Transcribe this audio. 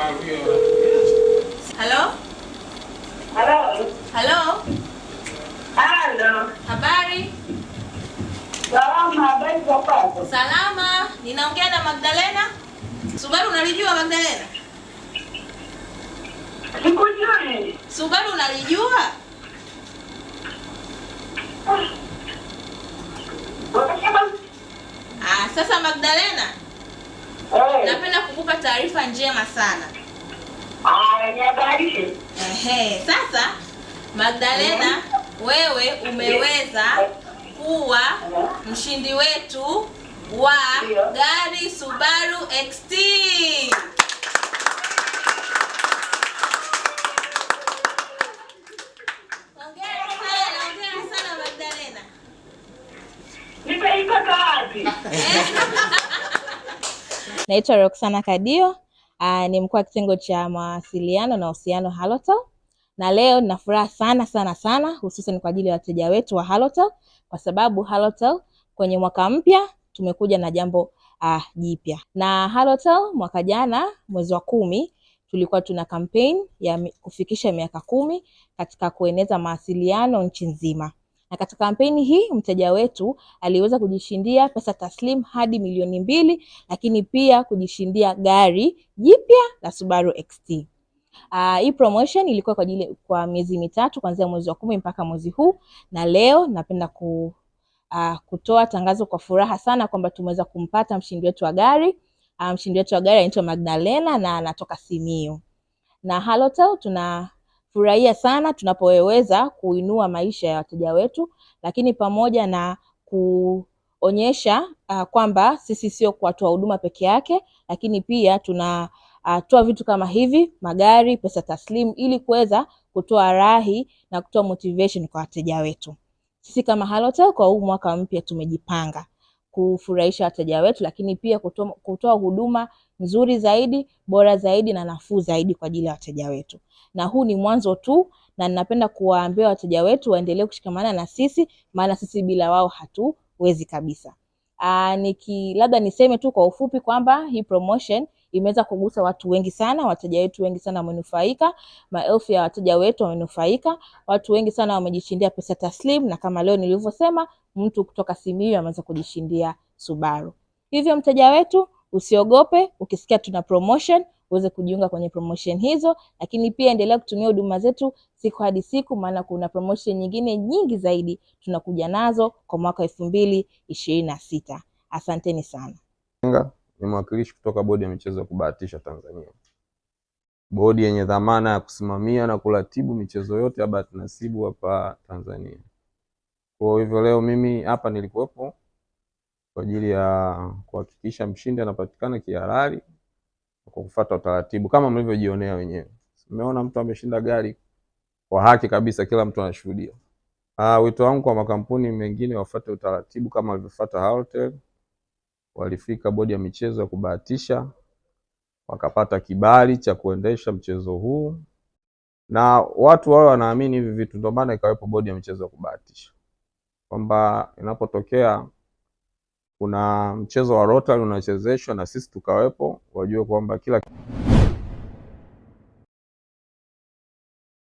Hello? Hello? Hello? Hello. Habari? Salama, habari za kwako? Salama, ninaongea na Magdalena. Subaru unalijua Magdalena? Sikujui. Subaru unalijua? Ah, sasa Magdalena taarifa njema sana. Ehe, sasa Magdalena, wewe umeweza kuwa mshindi wetu wa gari Subaru XT. Hongera sana Magdalena. Naitwa Roxana Kadio. Uh, ni mkuu wa kitengo cha mawasiliano na uhusiano Halotel, na leo nina furaha sana sana sana, hususan kwa ajili ya wateja wetu wa Halotel, kwa sababu Halotel kwenye mwaka mpya tumekuja na jambo uh, jipya. Na Halotel mwaka jana mwezi wa kumi tulikuwa tuna kampeni ya kufikisha miaka kumi katika kueneza mawasiliano nchi nzima na katika kampeni hii mteja wetu aliweza kujishindia pesa taslim hadi milioni mbili, lakini pia kujishindia gari jipya la Subaru XT. Uh, ah, hii promotion ilikuwa kwa ajili kwa miezi mitatu kuanzia mwezi wa kumi mpaka mwezi huu, na leo napenda ku, uh, kutoa tangazo kwa furaha sana kwamba tumeweza kumpata mshindi wetu wa gari. Ah, mshindi wetu wa gari anaitwa Magdalena na anatoka Simiyu na Halotel tuna furahia sana tunapoweza kuinua maisha ya wateja wetu, lakini pamoja na kuonyesha uh, kwamba sisi sio kuwatoa huduma peke yake, lakini pia tunatoa ah, uh, vitu kama hivi magari, pesa taslimu, ili kuweza kutoa rahi na kutoa motivation kwa wateja wetu. Sisi kama Halotel kwa huu mwaka mpya tumejipanga kufurahisha wateja wetu, lakini pia kutoa huduma nzuri zaidi, bora zaidi na nafuu zaidi kwa ajili ya wateja wetu. Na huu ni mwanzo tu, na ninapenda kuwaambia wateja wetu waendelee kushikamana na sisi, maana sisi bila wao hatuwezi kabisa. Niki labda niseme tu kwa ufupi kwamba hii promotion imeweza kugusa watu wengi sana, wateja wetu wengi sana wamenufaika, maelfu ya wateja wetu wamenufaika, watu wengi sana wamejishindia pesa taslimu, na kama leo nilivyosema, mtu kutoka Simiyu ameweza kujishindia Subaru. Hivyo mteja wetu, usiogope, ukisikia tuna promotion uweze kujiunga kwenye promotion hizo, lakini pia endelea kutumia huduma zetu siku hadi siku, maana kuna promotion nyingine nyingi zaidi tunakuja nazo kwa mwaka elfu mbili ishirini na sita. Asanteni sana ni mwakilishi kutoka Bodi ya Michezo ya Kubahatisha Tanzania, bodi yenye dhamana ya kusimamia na kuratibu michezo yote ya bahati nasibu hapa Tanzania. Kwa hivyo leo mimi hapa nilikuwepo kwa ajili ya kuhakikisha mshindi anapatikana kihalali kwa kufuata utaratibu kama mlivyojionea wenyewe. Umeona mtu ameshinda gari kwa haki kabisa, kila mtu anashuhudia. Ah, wito wangu kwa makampuni mengine wafuate utaratibu kama walivyofuata Halotel walifika bodi ya michezo ya kubahatisha wakapata kibali cha kuendesha mchezo huu, na watu wao wanaamini hivi vitu, ndio maana ikawepo bodi ya michezo ya kubahatisha kwamba inapotokea kuna mchezo wa Rotary unachezeshwa na sisi tukawepo, wajue kwamba kila